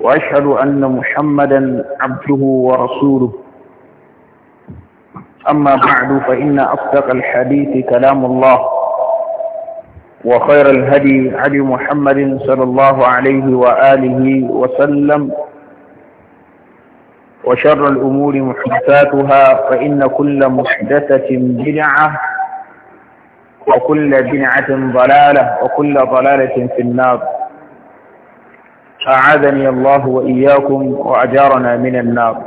وأشهد أن محمدا عبده ورسوله أما بعد فإن أصدق الحديث كلام الله وخير الهدي علي محمد صلى الله عليه وآله وسلم وشر الأمور محدثاتها فإن كل محدثة بدعة وكل بدعة ضلالة وكل ضلالة في النار أعاذني الله وإياكم وأجارنا من النار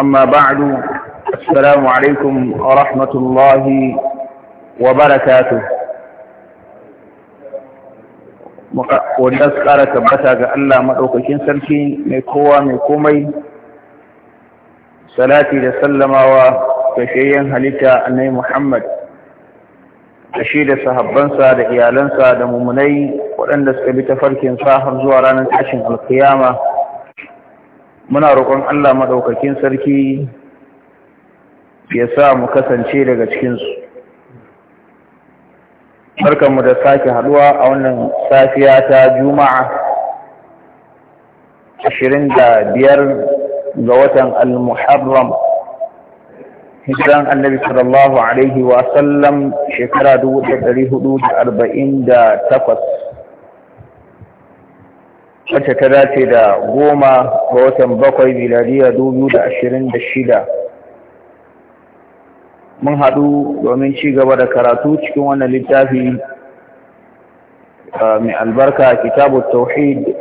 أما بعد السلام عليكم ورحمة الله وبركاته ونسأل تبتاك ألا مأوكشين سلكي ميكوا ميكومي صلاتي لسلم وكشيين هلك أني محمد da shi da sahabbansa da iyalansa da mummunai waɗanda suka bi tafarkinsa har zuwa ranar tashin alkiyama muna roƙon Allah maɗaukakin sarki ya sa mu kasance daga cikinsu barkanmu da sake haɗuwa a wannan safiya ta juma'a ashirin da biyar ga watan al-muharram hijiran annabi sallallahu alaihi wa sallam shekara takwas wacce ta dace da goma ga watan bakwai miladiya shida mun haɗu domin ci gaba da karatu cikin wannan littafi ah, mai albarka kitabu tauhid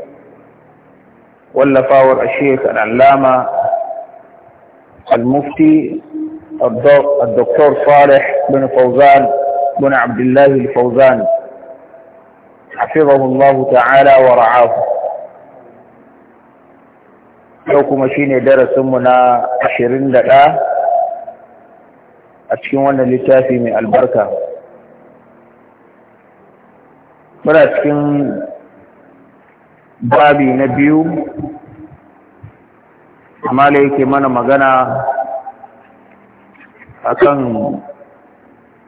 wallafawar ashe kan alama, المفتي الدكتور صالح بن فوزان بن عبد الله الفوزان حفظه الله تعالى ورعاه حكم شيني درس منا عشرين لدى أتكيوانا لتافي من البركة ولا أتكيوانا بابي نبيو ما ليك من مغنى akan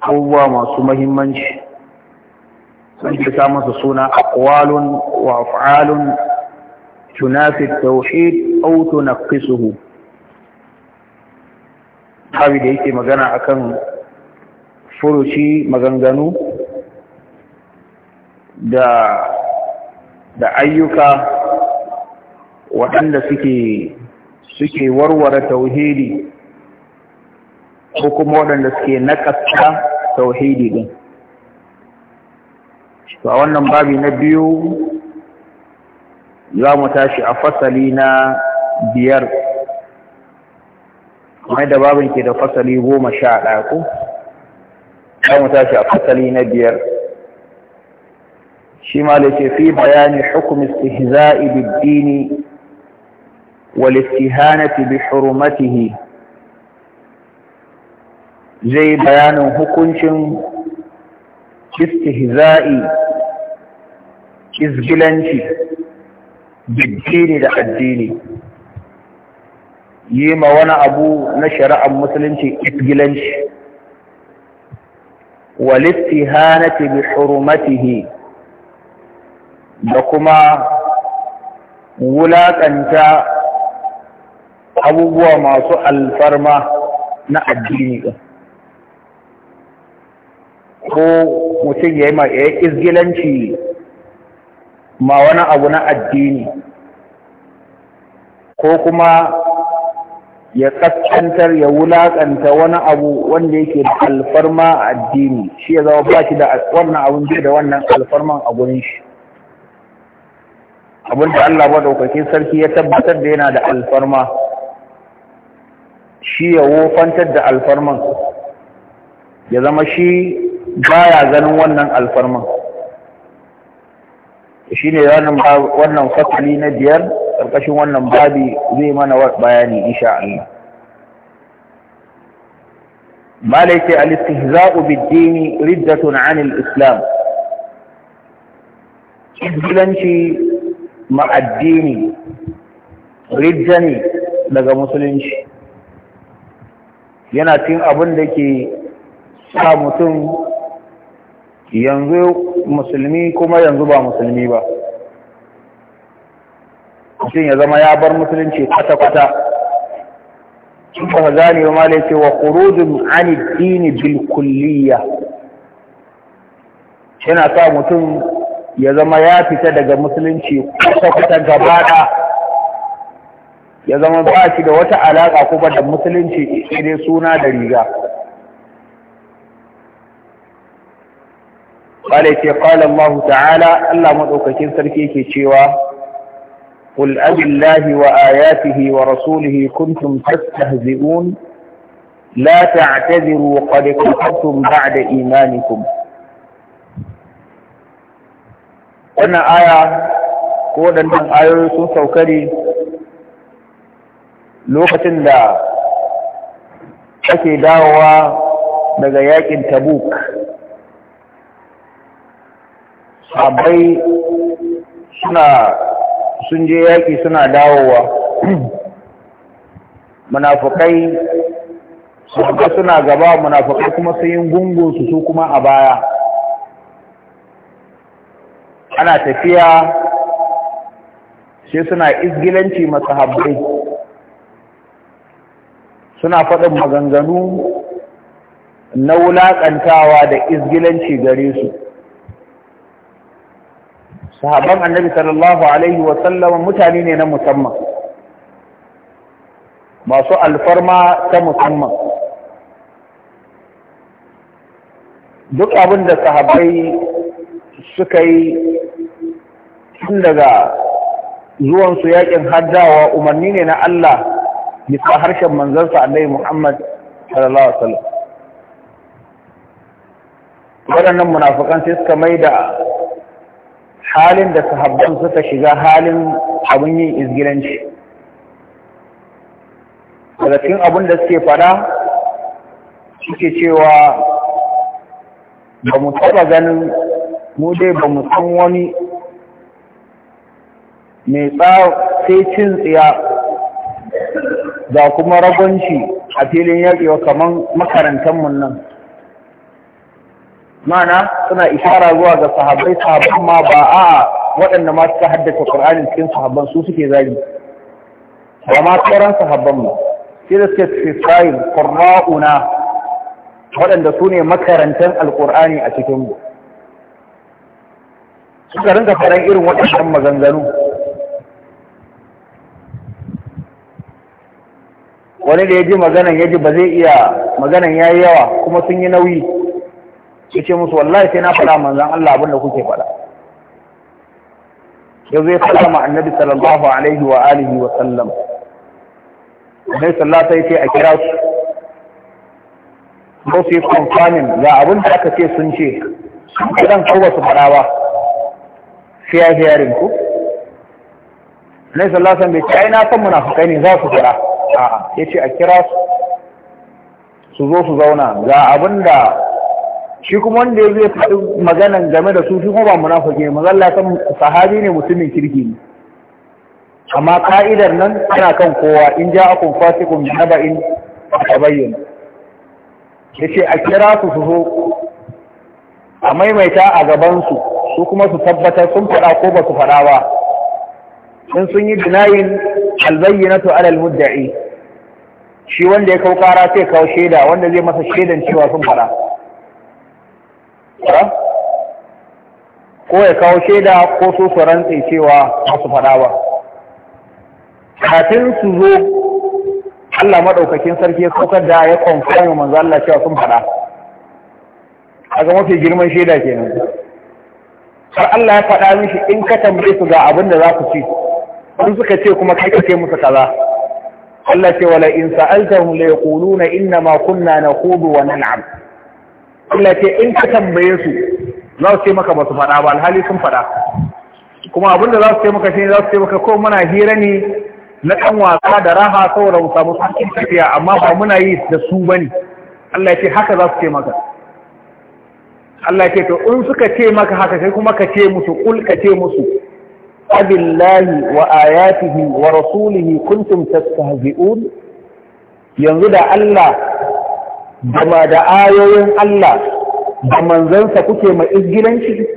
abubuwa masu mahimmanci sun fita masa suna akwalun wa af'alun tunafi tauhid na tunaqqisuhu tabi da yake magana akan furuci maganganu da da ayyuka waɗanda suke suke warware tauhidi ko kuma waɗanda suke nakasta tauhidi din to a wannan babi na biyu za mu tashi a fasali na biyar kuma da babin ke da fasali goma sha ɗaya ko za mu tashi a fasali na biyar shi ma da ke fi bayani hukum istihza'i biddini wal istihanati bi hurmatihi zai bayanin hukuncin istihza'i izgilanci biddini da addini yi ma wani abu na shari'ar musulunci izgilanci walittihanati bi hurmatihi da kuma wulaƙanta abubuwa masu alfarma na addini ɗin ko mutum ya yi ma izgilanci ma wani abu na addini ko kuma ya kaskantar ya wulaƙanta wani abu wanda yake da alfarma a addini shi ya zama ba shi da wannan abun da wannan alfarman a gurin shi abin da Allah maɗaukakin sarki ya tabbatar da yana da alfarma shi ya wofantar da alfarman ya zama shi baya ganin wannan alfarman shi ne wannan fasali na biyar ƙarƙashin wannan babi zai mana bayani insha Allah malai ce al-istihza'u bid-dini riddatun 'anil islam izgilanci ma'addini ridda ne daga musulunci yana cin abin da ke sa mutum yanzu musulmi kuma yanzu ba musulmi ba mutum ya zama ya bar musulunci kwata-kwata cin ba gane ma da yake wa kurudun ani dini bil kulliya yana sa mutum ya zama ya fita daga musulunci kwata-kwata gaba ya zama ba shi da wata alaƙa kuma da musulunci sai dai suna da riga قال يتي قال الله تعالى ألا مدوكتين سركيكي شيوا قل أب الله وآياته ورسوله كنتم تستهزئون لا تعتذروا قد كفرتم بعد إيمانكم أنا آية ko waɗannan ayoyi sun sauka ne lokacin da ake dawowa daga yakin tabuk sabai suna sun je yaƙi suna dawowa munafukai suna gaba munafukai kuma sun yi gungunsu su kuma a baya ana tafiya sai suna izgilanci masahabbai suna faɗin maganganu na wulaƙantawa da izgilanci gare su sahabban annabi sallallahu alaihi wa mutane ne na musamman masu alfarma ta musamman duk abin da sahabbai suka yi tun daga zuwansu yakin haddawa umarni ne na Allah bisa harshen manzansa annabi Muhammad sallallahu alaihi wasallam waɗannan munafikan sai suka mai da halin da sahabban suka shiga halin abin yin izgilanci daga cikin abin da suke fada suke cewa ba mu taba ganin mu dai ba mu san wani mai sai cin tsiya da kuma ragonci a filin yaƙi wa makarantar mu nan mana suna ishara zuwa ga sahabbai sahabban ma ba a waɗanda ma suka haddasa Qur'anin cikin sahabban su suke zagi ma tsoron sahabban mu shi da suke tsifayin qurra'una waɗanda su ne makarantar alƙur'ani a cikin mu suka rinka faran irin waɗannan maganganu wani da ya ji maganan ya ji ba zai iya maganan ya yi yawa kuma sun yi nauyi ya ce musu wallahi sai na faɗa manzan Allah abin da kuke faɗa ya zai faɗa ma annabi sallallahu alaihi wa alihi wa sallam annabi sallallahu alaihi ce a kira su ko su yi confirming ga abin da aka ce sun ce sun kiran ko ba su faɗa ba fiya ya ku annabi sallallahu alaihi bai ce ai na san munafukai ne za su faɗa a'a ya ce a kira su su zo su zauna ga abin da shi kuma wanda ya zai faɗi maganan game da su shi kuma ba munafiki mazalla kan sahabi ne mutumin kirki ne amma ka'idar nan tana kan kowa in ja akun fasikun bi naba'in ta bayyana yace a kira su su zo a maimaita a gaban su su kuma su tabbatar sun faɗa ko ba su faɗa ba in sun yi dinayin albayyinatu alal mudda'i shi wanda ya kau kara sai kawo shaida wanda zai masa shaidan cewa sun faɗa ko ya kawo shaida ko so su rantse cewa ba su faɗa ba kafin su zo Allah maɗaukakin sarki ya saukar da ya kwamfani manzo Allah cewa sun faɗa ga mafi girman shaida kenan har Allah ya faɗa mishi in ka tambaye su ga abin da za ku ci sun suka ce kuma kai kake musu kaza Allah ce wala in sa'altahum la yaquluna inna ma kunna naqudu wa nal'am Allah ce in ka tambaye su za su ce maka ba su faɗa ba alhali sun faɗa kuma abinda za su ce maka shi za su ce maka ko muna hira ne na ɗan wasa da raha saboda mu samu sakin tafiya amma ba muna yi da su ba ne Allah ce haka za su ce maka Allah ce to in suka ce maka haka kai kuma ka ce musu kul ka ce musu abillahi wa ayatihi wa rasulihi kuntum tastahzi'un yanzu da Allah gama da ayoyin Allah da manzansa kuke mai izgilanci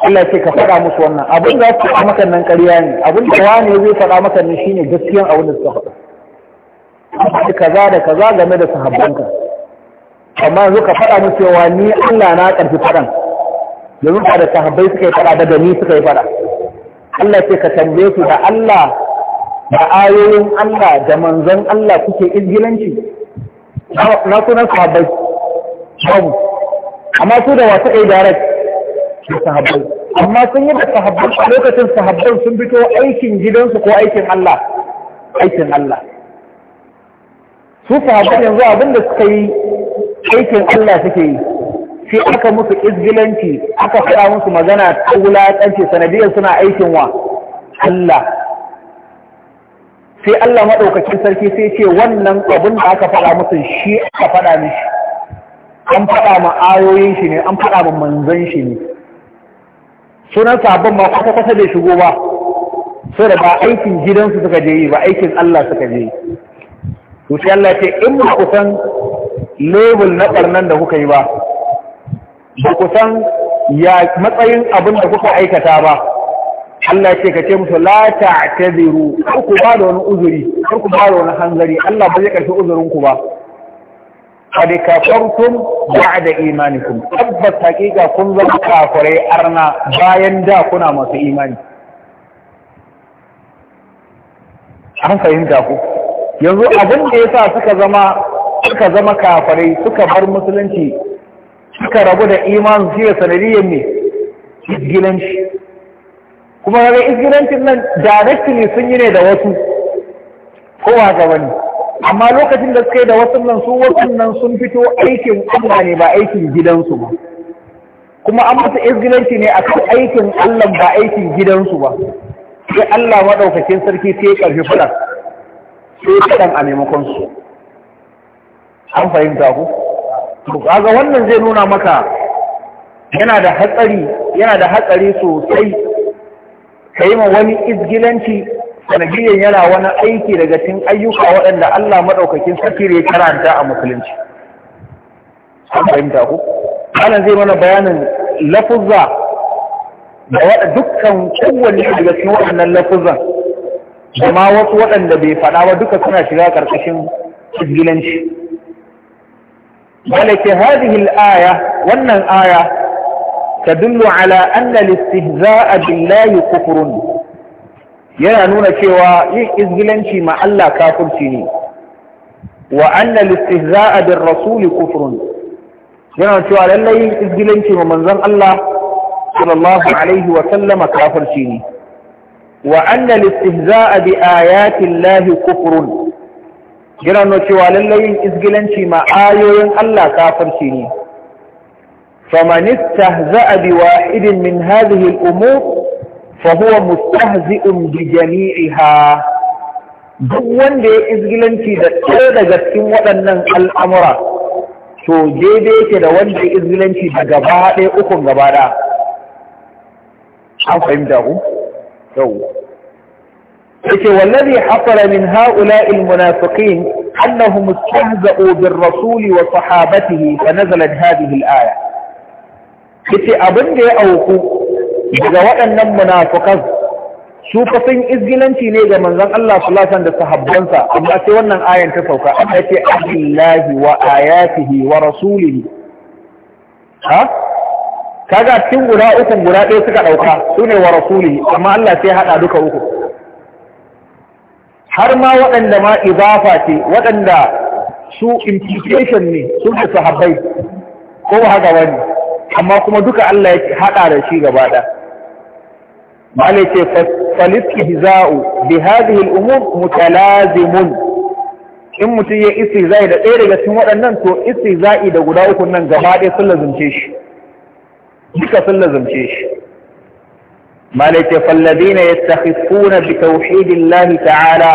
Allah ce ka faɗa musu wannan abin da su a maka nan ƙarya ne abin da wani zai faɗa maka shi ne gaskiyan abin da suka faɗa kaza da kaza game da sahabbanka amma yanzu ka faɗa musu cewa ni Allah na ƙarfi faɗan yanzu ka da sahabbai suka yi faɗa daga ni suka yi faɗa Allah ce ka tambaye su da Allah da ayoyin Allah da manzon Allah kuke izgilanci na sunan sahabbai babu amma su da wasu ɗaya darek da sahabbai amma sun yi da sahabbai a lokacin sahabbai sun fito aikin gidansu ko aikin Allah aikin Allah su sahabbai yanzu abinda suka yi aikin Allah suke yi sai aka musu izgilanci aka faɗa musu magana ta wulaƙanci sanadiyar suna aikin wa Allah sai Allah maɗaukacin sarki sai ce wannan abin da aka faɗa musu shi aka faɗa mishi an faɗa ma ayoyin shi ne an faɗa ma manzan shi ne sunan sabon ma kwata-kwata bai shigo ba Sai da ba aikin gidansu suka je yi ba aikin Allah suka je yi to sai Allah ce in ba ku san lebul na ɓarnan da kuka yi ba ba ku san matsayin abin da kuka aikata ba Allah ce ka ce musu la ta kar ku ba da wani uzuri kar ku ba da wani hanzari Allah ba zai karfi uzurin ku ba qad kafartum ba'da imanikum tabbas hakika kun zama kafirai arna bayan da kuna masu imani an fahimta ku yanzu abin da yasa suka zama suka zama kafirai suka bar musulunci suka rabu da iman su ya sanadiyar ne gilanci kuma kaga izinancin nan directly sun yi ne da wasu kowa ga wani amma lokacin da suka yi da wasu nan su wasu nan sun fito aikin Allah ne ba aikin gidansu ba kuma an masa izinanci ne akan aikin Allah ba aikin gidansu ba sai Allah maɗaukakin sarki sai ya karfi sai kaɗan a maimakon su an fahimta ku to kaga wannan zai nuna maka yana da hatsari yana da hatsari sosai ka yi ma wani izgilanci sanadiyyar yana wani aiki daga cikin ayyuka waɗanda Allah maɗaukakin sarki ya karanta a musulunci an fahimta ku malam zai mana bayanin lafuzza da dukkan kowanne daga cikin waɗannan lafuzzan da ma wasu waɗanda bai faɗa ba duka suna shiga ƙarƙashin izgilanci malaki hadhihi aya wannan aya tadullu ala anna listihza'a billahi kufrun yana nuna cewa yin izgilanci ma Allah kafirci ne wa anna listihza'a bir rasuli kufrun yana cewa lallai izgilanci ma manzon Allah sallallahu alaihi wa ne wa anna listihza'a bi ayati llahi kufrun yana nuna cewa lallai izgilanci ma ayoyin Allah kafirci ne فمن استهزأ بواحد من هذه الأمور فهو مستهزئ بجميعها دوان دي إزغلان في دكتور جسم ودنن الأمر سو جي دي كدوان إزغلان في دقباء دي أكم دقباء عفا امدعو سو إذن والذي حصل من هؤلاء المنافقين أنهم استهزأوا بالرسول وصحابته فنزلت هذه الآية yace abin da ya auku daga waɗannan munafukan su fa sun izgilanci ne ga manzon Allah sallallahu da sahabbansa amma sai wannan ayan ta sauka Allah ce abillahi wa ayatihi wa rasulihi ha kaga cikin guda uku guda ɗaya suka ɗauka sune wa rasulihi amma Allah sai haɗa duka uku har ma waɗanda ma idafa ce waɗanda su implication ne su da sahabbai ko haka wani amma kuma duka Allah ya haɗa da shi gaba ɗaya malai ce falistihza'u bi hadhihi al-umur mutalazimun in mutum ya istihza'i da ɗaya daga cikin waɗannan to istihza'i da guda ukun nan gaba ɗaya sun lazumce shi duka sun lazumce shi malai ce falladina yastakhifuna bi Lahi ta'ala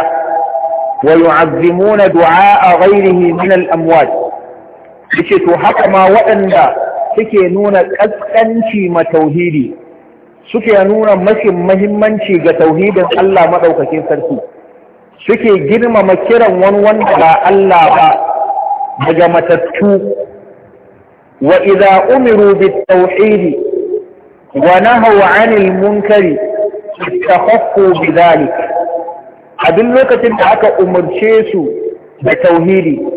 wa ويعظمون دعاء غيره من الأموات لكي haka ma waɗanda. suke nuna ƙasƙanci ma tauhidi suke nuna mafi mahimmanci ga tauhidin Allah maɗaukakin sarki suke girmama kiran wani wanda ba Allah ba daga matattu wa idza umiru bit tauhidi wa nahaw 'anil munkari ittakhaffu bidhalik a duk lokacin da aka umarce su da tauhidi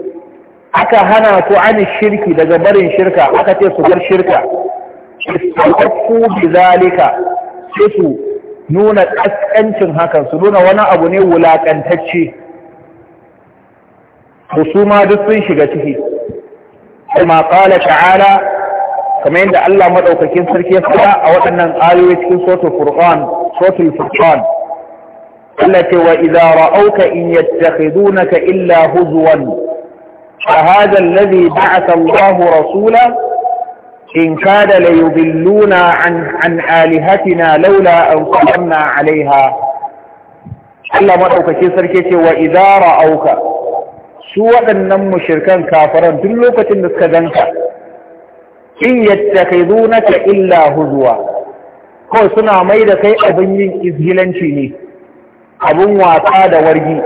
aka hana ku an shirki daga barin shirka aka ce su bar shirka istaqfu bi zalika sai su nuna kaskancin hakan su nuna wani abu ne wulakantacce su ma duk sun shiga ciki kuma qala ta'ala kamar yadda Allah madaukakin sarki ya faɗa a waɗannan ayoyi cikin suratul furqan suratul furqan Allah ce wa idza ra'awka in yattakhidunaka illa huzwan فهذا الذي بعث الله رسوله إن كاد ليضلونا عن, عن آلهتنا لولا أن قدمنا عليها الله مدعوك كسر كيسي وإذا رأوك سوى أنم مشركا كافرا دلوك تنسك ذنك إن يتخذونك إلا هزوا هو سنع ميدا كي أبنين إذهلن شيني أبن وعطاد ورجي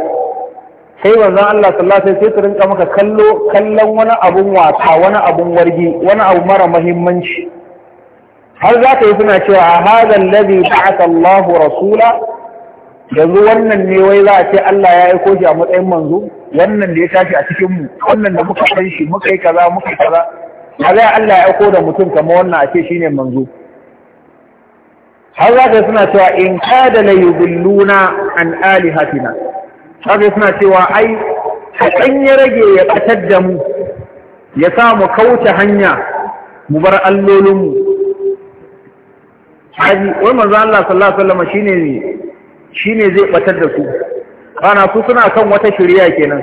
kai manzon Allah sallallahu alaihi sai su rinka maka kallo kallon wani abun wasa wani abun warge, wani abu mara muhimmanci har za ka yi suna cewa hadha alladhi ba'atha Allah rasula yanzu wannan ne wai za a ce Allah ya aiko shi a matsayin manzo wannan da ya tashi a cikin mu wannan da muka san shi muka yi kaza muka yi kaza a kaga Allah ya aiko da mutum kamar wannan a ce shi ne manzo har za ka suna cewa in kada la yudilluna an alihatina haka suna cewa ai kaɗan ya rage ya ɓatar da mu ya sa mu kauce hanya mu bar allolinmu haji wai manzo Allah sallallahu alaihi wasallam shine shine zai ɓatar da su kana su suna kan wata shari'a kenan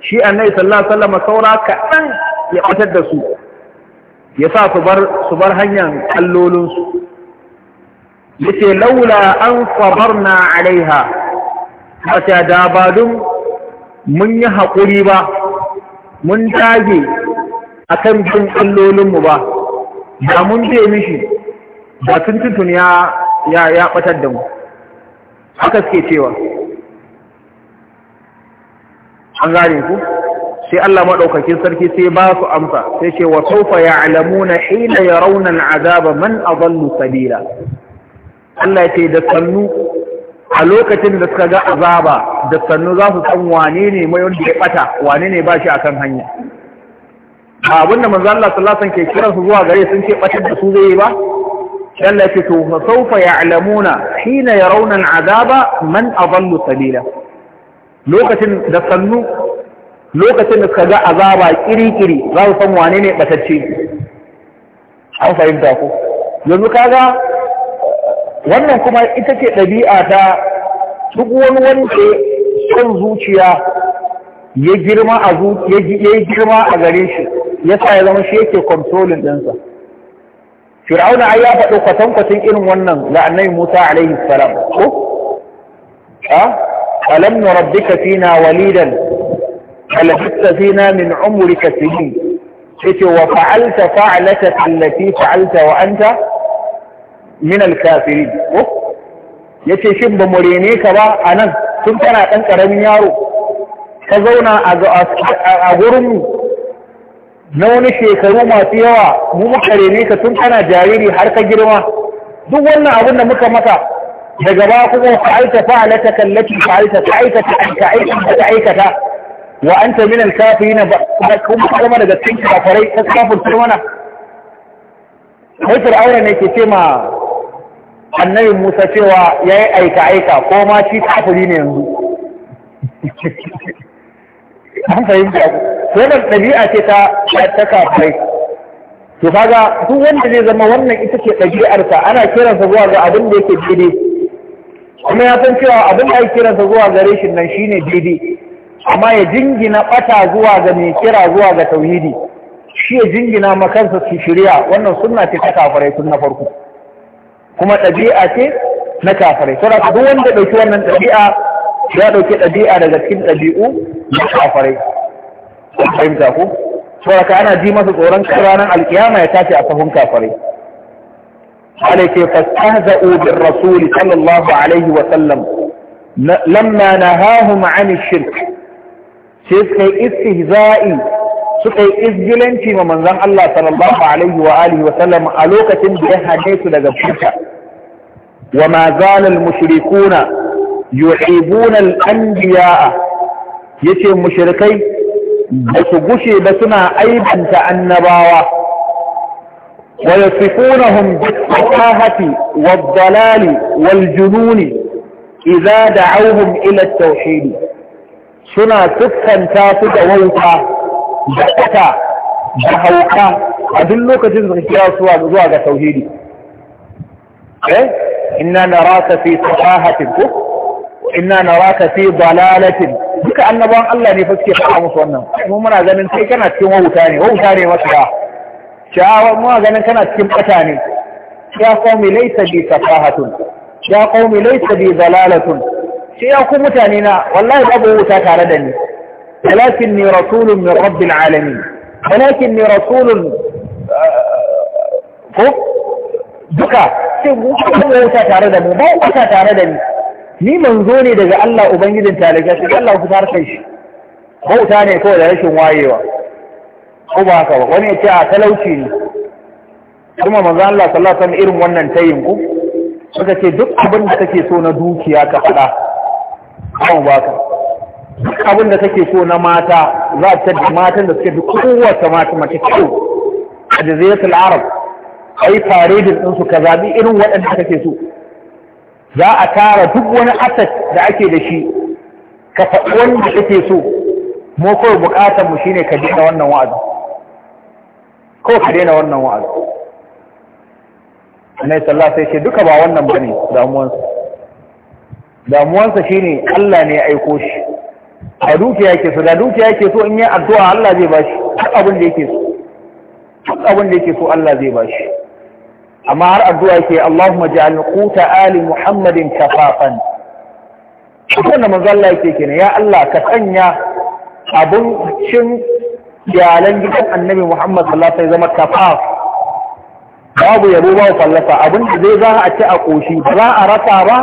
shi annabi sallallahu alaihi wasallam saura kaɗan ya ɓatar da su ya sa su bar hanyar allolinsu yace laula an sabarna alaiha mata da ba don mun yi haƙuri ba mun tage a kan bin ƙallolinmu ba da mun je mishi da tun ya ya ɓatar da mu haka suke cewa an gane ku sai Allah maɗaukakin sarki sai ba su amsa sai ce wa saufa ya alamuna hila ya raunan azaba man a sabila Allah ya ce da sannu a lokacin da suka ga azaba da sannu za su san wane ne mai wanda ya bata wane ne ba shi a kan hanya ba da manzan Allah sallasan ke su zuwa gare sun ce batar da su zai yi ba Allah ke to fa sawfa ya'lamuna hina yarawna al'azaba man adallu sabila lokacin da sannu lokacin da suka ga azaba kiri-kiri za su san wane ne batacce an fahimta ko yanzu kaga wannan kuma ita ce ɗabi'a ta duk wani son zuciya ya girma a ya girma a gare shi ya sa ya zama shi yake kontrolin ɗinsa fir'auna ai ya faɗo kwatankwatan irin wannan ga annabi musa alaihi salam ko a alam nurabbika fina walidan alhatta fina min umrika sinin yace wa fa'alta fa'alata allati fa'alta wa anta min al-kafirin ko yace shin ba mu ka ba a nan tun tana ɗan ƙaramin yaro ka zauna a gurin na wani shekaru masu yawa mu muka rene ka tun tana jariri har ka girma duk wannan abin da muka maka daga ba kuma ka aita fa'alata kallaki fa'alata ka aika ka aikata ka aikata wa anta min al-kafirin ba kuma kuma daga cikin kafarai ka kafirce mana Wai Fir'auna ne ke ce ma annabi Musa cewa ya yi aika-aika ko ma shi kafiri ne yanzu. An fahimta Sai da ɗabi'a ce ta ta kafirai. To kaga duk wanda zai zama wannan ita ce ɗabi'arsa ana kiransa zuwa ga abin da yake daidai. Kuma ya san cewa abin da ake kiransa zuwa ga shi nan shine daidai. Amma ya jingina ɓata zuwa ga mai kira zuwa ga tauhidi. Shi ya jingina makansa su shirya wannan sunna ce ta kafarai tun na farko. kuma ɗabi'a ce na kafirai saboda duk wanda ɗauki wannan ɗabi'a ya ɗauki ɗabi'a daga cikin ɗabi'u na kafirai fahimta ko saboda ka ana ji masa tsoron ranar alkiyama ya tashi a sahun kafirai bir sallallahu alaihi عليك فاستهزأوا بالرسول صلى الله عليه وسلم لما نهاهم izgilanci ma manzon Allah sallallahu alaihi wa alihi wa sallam a lokacin da ya hade su daga لغبشك وما زال المشركون يحبون الانبياء يتي مشركي بس قشي بسنا ايضا تأنباوا ويصفونهم بالصحاهة والضلال والجنون اذا دعوهم الى التوحيد سنا سفا تافد ووطا جأتا جهوكا ادلوك تنزغي يا سواب زواج توحيدي ايه inna naraka fi safahatin ko inna naraka fi dalalatin duka annabawan Allah ne fa suke faɗa musu wannan mu muna ganin kai kana cikin wauta ne wauta ne masu ba shawa muna ganin kana cikin bata ne ya qaumi laysa bi safahatun ya qaumi laysa bi dalalatun shi ya ku mutane na wallahi babu wuta tare da ni walakinni rasulun min rabbil alamin walakinni rasulun eh, ko duka sai mu Allah ya tare da mu ba ku ta tare da ni ni manzo ne daga Allah ubangijin talaka sai Allah ku tar kai shi bauta ne kawai da rashin wayewa ko ba haka ba wani ya ce a talauci ne kuma manzo Allah sallallahu alaihi wasallam irin wannan tayin ku suka ce duk abin da kake so na dukiya ka faɗa kan baka duk abin da kake so na mata za ta matan da suke duk kowace mata mace kyau a jaziratul arab yi faredin ɗinsu ka zaɓi irin waɗanda ke so za a tara duk wani asad da ake da shi ka faɗi wanda kake so mu kawai buƙatar mu shine ka daina wannan wa'azi ko ka daina wannan wa'azi Annabi sallah sai ce duka ba wannan bane damuwansa damuwansa shine Allah ne ya aiko shi a dukiya yake so da dukiya yake so in yi addu'a Allah zai bashi duk abin da yake so duk abin da yake so Allah zai bashi amma har addu'a ke Allahumma ja'al kuta ali muhammadin kafafan wannan manzo Allah yake kenan ya Allah ka sanya abun cin gidan annabi Muhammad sallallahu alaihi kafaf babu yabo ba fallafa abin da zai za a ci a koshi ba za a rasa ba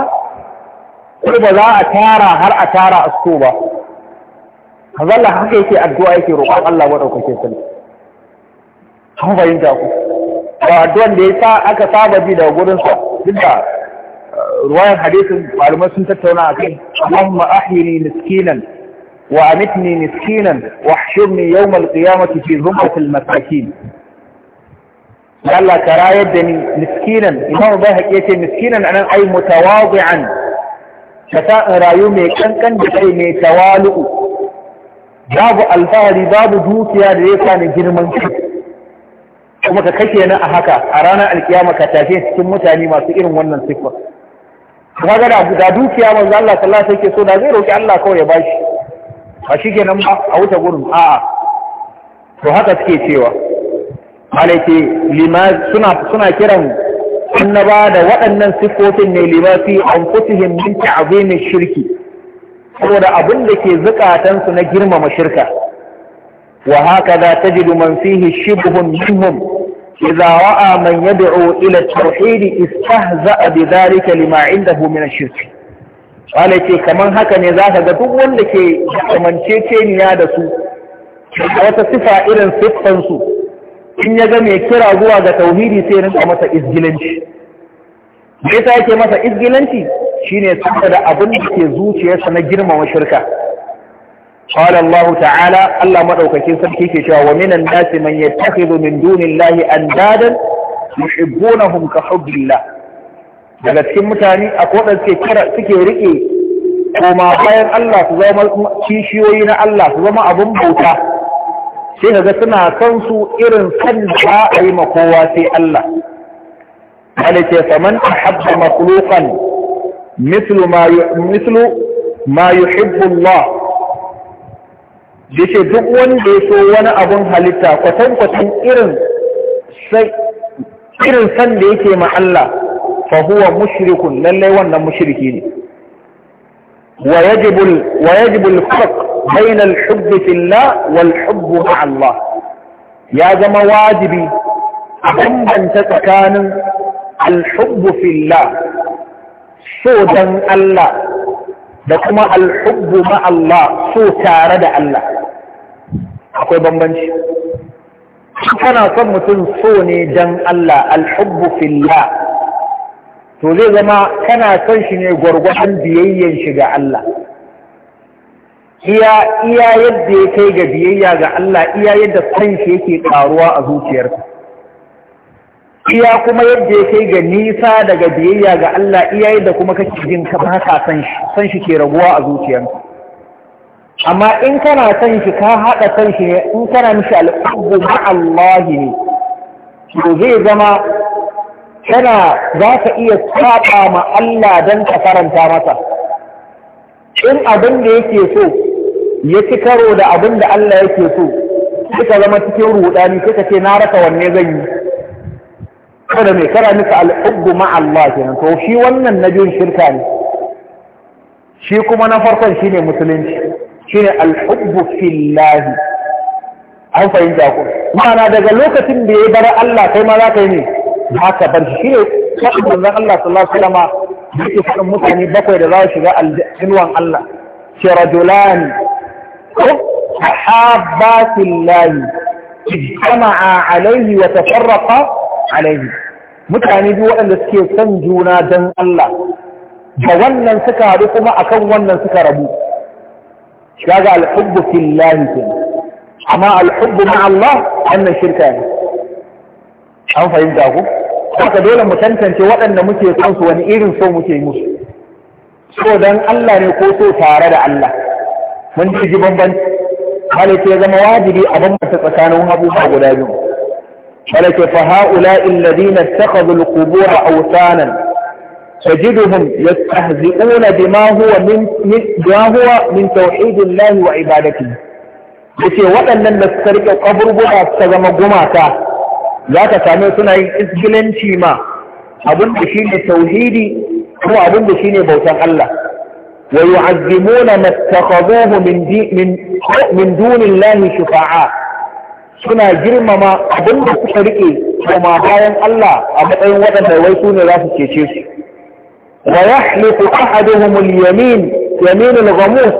ko ba za a tara har a tara a so ba manzo Allah haka yake addu'a yake roƙon Allah madaukakin sarki kun fahimta ku da addu'an da ya sa aka saba bi daga gurinsa duk da ruwayan hadisin malamai sun tattauna a kai Allahumma ahyini miskinan wa amitni miskinan wa ahshurni yawm al-qiyamati fi zumratil masakin Allah ka rayar da ni miskinan imam bai haƙe ce miskinan anan ai mutawadi'an ka sa in rayu mai kankan da kai mai tawalu'u babu alfahari babu dukiya da ya sa ni girman kai kuma ka kashe na a haka a ranar alkiyama ka tafi cikin mutane masu irin wannan siffar kuma ga da dukiya manzo Allah sallallahu alaihi wasallam so da zai roki Allah kawai ya bashi ba shi kenan ba a wuce gurin a'a to haka suke cewa malaike lima suna suna kiran annaba da waɗannan siffofin ne lima fi anfusihim min ta'zimi shirki saboda abin da ke zukatan su na girmama shirka wa haka za tajidu man fihi shibhun minhum إذا رأى من يدعو إلى التوحيد استهزأ بذلك لما عنده من الشرك قال يتي كمان هكا نزاها قدو لكي كمان تيتين يادسو وتصفى إلى صفا سو إن يجم يكرا زوا دا توحيد سيرن أمسا إزجلنش ليس يكي مسا إزجلنش شين دا أبنك يزوش يسنى جرم وشركة qala Allah ta'ala Allah maɗaukacin sarki ke cewa wa minan nasi man yattakhidhu min dunillahi andadan yuhibbunahum ka hubbillah daga cikin mutane akwai da suke kira suke rike koma bayan Allah su zama kishiyoyi na Allah su zama abun buta. sai kaga suna kansu irin san da a makowa sai Allah Allah ce faman ahabba makhluqan مثل ما ي... مثل ما da duk wanda ya so wani abun halitta kwatankwatan irin irin san da yake ma Allah fa huwa mushrikun lallai wannan mushriki ne wa yajibul wa yajibul farq bayna al-hubb fillah wal hubb Allah ya zama wajibi a bambanta tsakanin al-hubb fillah so dan Allah da kuma al-hubb Allah so tare da Allah akwai bambanci kana son mutum so ne dan Allah alhubbu fillah to zai zama kana son shi ne gwargwadon biyayyen shi ga Allah iya iya yadda ya kai ga biyayya ga Allah iya yadda son shi yake karuwa a zuciyarka iya kuma yadda ya kai ga nisa daga biyayya ga Allah iya yadda kuma kake jin ka ba ka son shi son shi ke raguwa a zuciyarka amma in kana son shi ka haɗa son shi ne in kana mishi al'ubu ma'allahi ne to zai zama kana za ka iya saɓa ma Allah don ka faranta masa in abin da yake so ya ci karo da abin da Allah yake so ka zama cikin rudani ka ce na rasa wanne zan yi saboda mai kara nuka al'ubu ma'allahi, to shi wannan na biyun shirka ne shi kuma na farkon shine musulunci shine alhubbu fillahi an fahimta ku ma'ana daga lokacin da ya bar Allah kai ma za ka yi ne haka bar shi shine sabon manzon Allah sallallahu alaihi wasallam yake faɗin mutane bakwai da za su shiga aljannan Allah ce rajulani حابات الله اجتمعا wa وتفرقا عليه mutane biyu waɗanda suke son juna don Allah da wannan suka haɗu kuma akan wannan suka rabu kaga alhubbu fillahi kenan amma alhubbu ma Allah wannan shirka ne an fahimta ku haka dole mu tantance waɗanda muke son su wani irin so muke musu so dan Allah ne ko so tare da Allah mun ji bambanci malaka ya zama wajibi a bambanta tsakanin abubuwa guda biyu malaka fa ha'ula'il ladina ittakhadhu al-qubur awsanan تجدهم يستهزئون بما هو من بما هو من توحيد الله وعبادته yace waɗannan da suka rike kaburbura suka zama gumaka za ka same suna yin isgilanci ma abin da shine tauhidi ko abin da shine bautan Allah wa yu'azzimuna mattakhadhuhu min min min dunillahi suna girmama abin da suka rike kuma bayan Allah a matsayin waɗanda wai su ne za su cece su ويحلف أحدهم اليمين يمين الغموس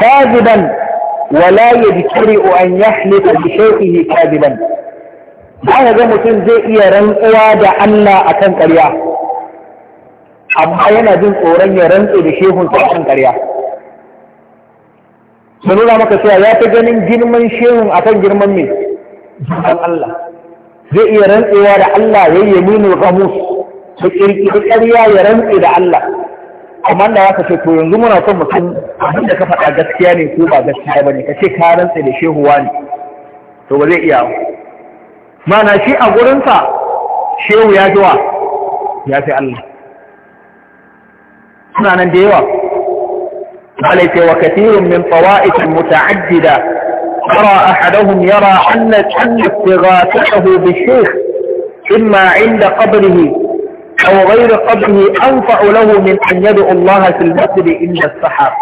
كاذبا ولا يجترئ أن يحلف بشيخه كاذبا انا هذا ذا متن زئي رنقوا دعا الله أكن كريا أبعينا ذن أوري رنقوا بشيخه أكن كريا من الله مكسوا ياتجنين جنمن شيخه أكن جنمن من الله زئي رنقوا دعا الله يمين الغموث su ƙirƙiri ƙarya ya rantse da Allah amma da ka ce to yanzu muna son mutum abin da ka faɗa gaskiya ne ko ba gaskiya ba ne ka ce ka rantse da shehuwa wani. to ba zai iya mana shi a gurinsa shehu ya ji wa ya fi Allah suna nan da yawa malai ce wa katirun min fawa'ikin muta'addida tara ahaduhum yara anna anna istighathatuhu bi shaykh imma inda qabrihi أو غير قبله أنفع له من أن يدعو الله في المسجد إلا السحر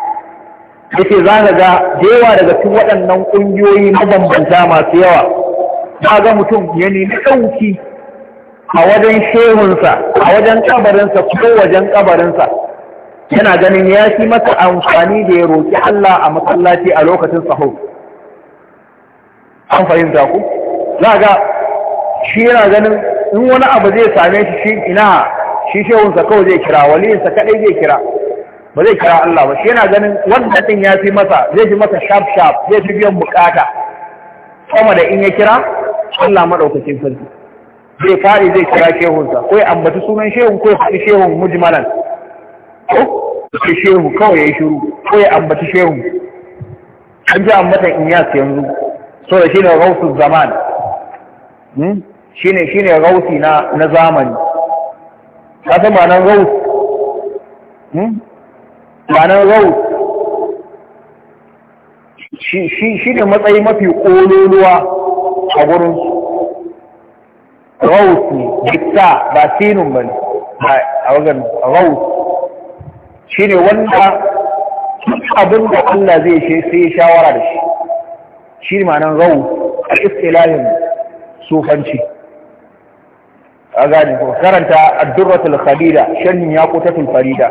yake za ga da daga tun waɗannan ƙungiyoyi mabambanta masu yawa ba ga mutum ya nemi ɗauki a wajen shehunsa a wajen ƙabarinsa ko wajen ƙabarinsa yana ganin ya fi masa amfani da ya roƙi Allah a masallaci a lokacin saho an fahimta ku za ga shi yana ganin in wani abu zai same shi shi ina shi shehunsa kawai zai kira waliyinsa kaɗai zai kira ba zai kira Allah ba shi yana ganin wanda ɗin ya fi masa zai fi masa sharp sharp zai fi biyan bukata sama da in ya kira Allah maɗaukacin sarki zai fari zai kira shehunsa ko ya ambaci sunan shehun ko ya faɗi shehun mujmalan ko ya shehu kawai ya yi shiru ko ya ambaci shehun an ji ambatan ya yanzu so da shi ne rausu zaman hmm? shine shine gausi na na zamani ka san ma'anar gaus hmm ma'anar shi shi matsayi mafi kololuwa a gurin gaus ne ba sinun ne a wajen shi ne wanda abin da Allah zai shi sai shawara da shi shi ma'anar gaus a istilahin sufanci a gani ko karanta addurratul khalida sharhin yaqutatul farida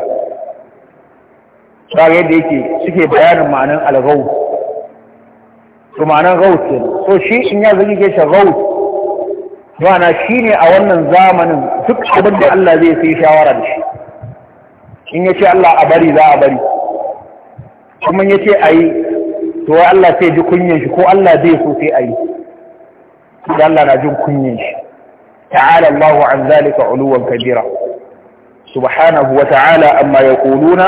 sai yadda yake suke bayanin ma'anan al-ghaus to ma'anan ghaus ne so shi in ya zagi ke shi ghaus ma'ana shine a wannan zamanin duk abin da Allah zai sai shawara da shi in yace Allah a bari za a bari kuma yace ayi to Allah sai ji kunyan shi ko Allah zai so sai ayi to Allah na jin kunyan shi تعالى الله عن ذلك علوا كبيرا سبحانه وتعالى أما يقولون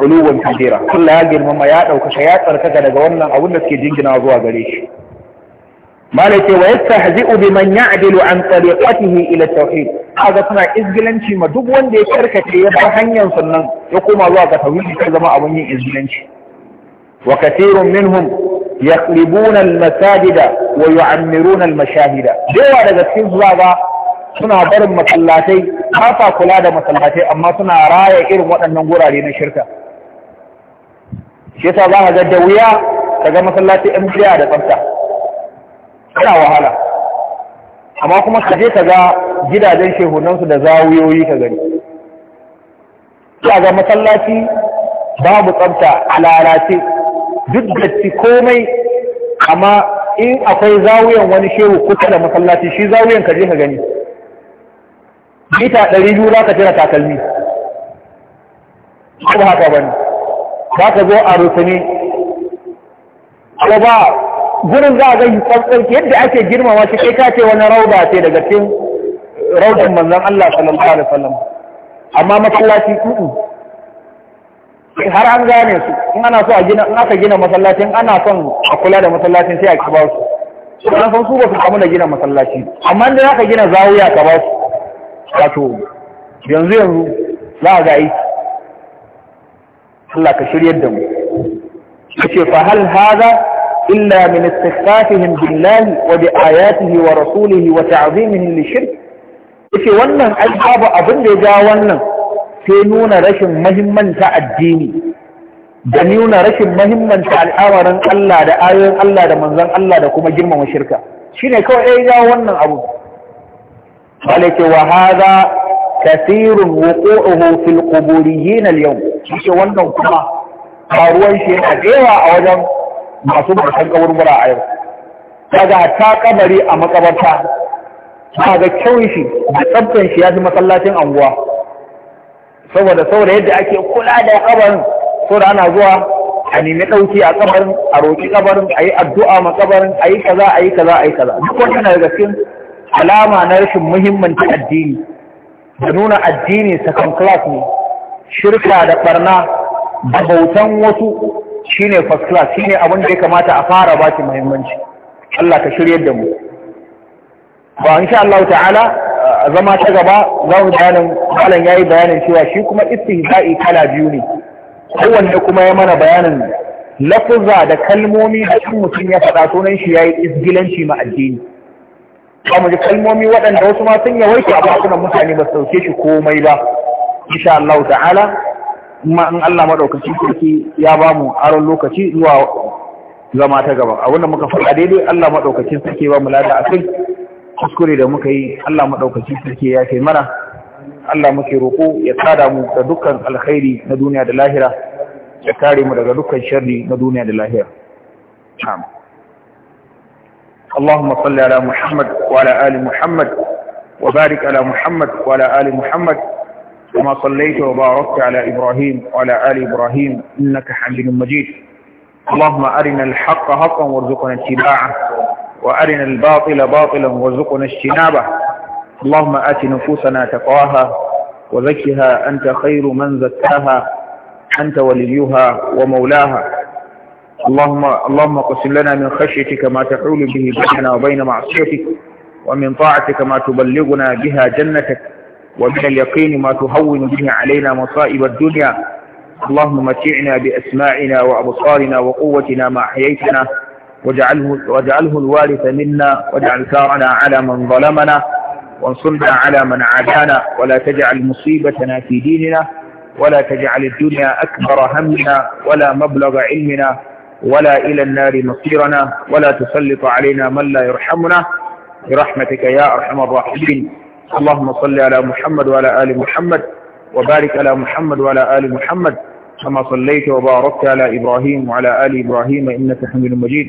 علوا كبيرا كل هذه المميات أو كشيات فركك لقوانا أو النسكي جنجنا وضوها قريش مالك ويستهزئ بمن يعدل عن طريقته إلى التوحيد هذا سنة إزجلنشي ما دبوان دي شركة يبحن ينصنن يقوم الله كتوحيد كذا أبني إزجلنشي وكثير منهم يخربون المساجد wa yu'ammiruna al-mashahida yawa daga cikin zuwa ba suna barin masallatai ba kula da masallatai amma suna raya irin waɗannan gurare na shirka shi za ka ga da wuya ka ga masallatai an jiya da tsafta kana wahala amma kuma ka je ka ga gidajen shehunansu da zawuyoyi ka gani ya ga masallaci babu tsafta a lalace duk da ci komai amma in akwai zawiyan wani shehu kusa da masallaci shi zawiyan ka je ka gani mita ɗari biyu za ka jira takalmi ko ba haka bane za ka zo a rukuni ko ba gurin za a ga tsantsan yadda ake girmama shi kai ka ce wani rauda ce daga cikin raudan manzon Allah sallallahu alaihi wasallam amma masallaci kudu har an gane su in ana so a gina in aka gina masallacin ana son a kula da masallacin sai a ki ba su an san su ba su kamu da gina masallaci amma idan aka gina zawuya ka ba su wato yanzu yanzu za a ga aiki Allah ka shiryar da mu yace fa hal hada illa min istighfafihim billahi wa bi ayatihi wa rasulihi wa ta'zimihi li shirk yace wannan ai babu abin da ya ja wannan sai nuna rashin mahimmanta addini da nuna rashin mahimmanta al'amarin Allah da ayoyin Allah da manzan Allah da kuma girmama shirka shine kawai ya jawo wannan abu malike wa hadha kathirun wuqu'uhu fil quburiyyin al yawm shi wannan kuma faruwar shi yana yawa a wajen masu bautan kaburbura a yau daga ta kabari a makabarta ga kyau shi da tsabtan shi ya fi masallacin anguwa saboda saboda yadda ake kula da kabarin saboda ana zuwa a nemi ɗauki a kabarin a roƙi kabarin a yi addu'a ma kabarin a yi kaza a yi kaza a yi kaza duk wannan daga cikin alama na rashin muhimmanci addini da nuna addini second class ne shirka da barna da bautan wasu shine first class shine abin da ya kamata a fara ba shi muhimmanci Allah ka shiryar da mu ba insha Allah ta'ala a zama ta gaba za mu bayanin malam yayi bayanin cewa shi kuma istihza'i kala biyu ne kowanne kuma ya mana bayanin lafuzza da kalmomi da cin mutum ya faɗa sunan shi yayi isgilanci ma addini ba mu ji kalmomi waɗanda wasu ma sun yawaita a bakunan mutane ba su sauke shi komai ba insha Allah ta'ala kuma in Allah madaukakin sarki ya ba mu aron lokaci zuwa zama ta gaba a wannan muka faɗa daidai Allah madaukakin sarki ba mu lada a kai kuskure da muka yi Allah maɗaukaci sarki ya kai mana Allah muke roƙo ya tsada mu da dukkan alkhairi na duniya da lahira ya kare mu daga dukkan sharri na duniya da lahira amin اللهم صل على محمد ala آل محمد وبارك على محمد وعلى آل محمد كما ala وباركت على إبراهيم وعلى آل إبراهيم إنك حميد مجيد اللهم أرنا الحق حقا وارزقنا اتباعه وأرنا الباطل باطلا وارزقنا اجتنابه اللهم آت نفوسنا تقواها وزكها أنت خير من زكاها أنت وليها ومولاها اللهم اللهم اقسم لنا من خشيتك ما تحول به بيننا وبين معصيتك ومن طاعتك ما تبلغنا بها جنتك ومن اليقين ما تهون به علينا مصائب الدنيا اللهم متعنا بأسماعنا وأبصارنا وقوتنا ما أحييتنا واجعله, واجعله الوارث منا واجعل ثارنا على من ظلمنا وانصرنا على من عادانا ولا تجعل مصيبتنا في ديننا ولا تجعل الدنيا أكبر همنا ولا مبلغ علمنا ولا إلى النار مصيرنا ولا تسلط علينا من لا يرحمنا برحمتك يا أرحم الراحمين اللهم صل على محمد وعلى آل محمد وبارك على محمد وعلى آل محمد كما صليت وباركت على إبراهيم وعلى آل إبراهيم إنك حميد مجيد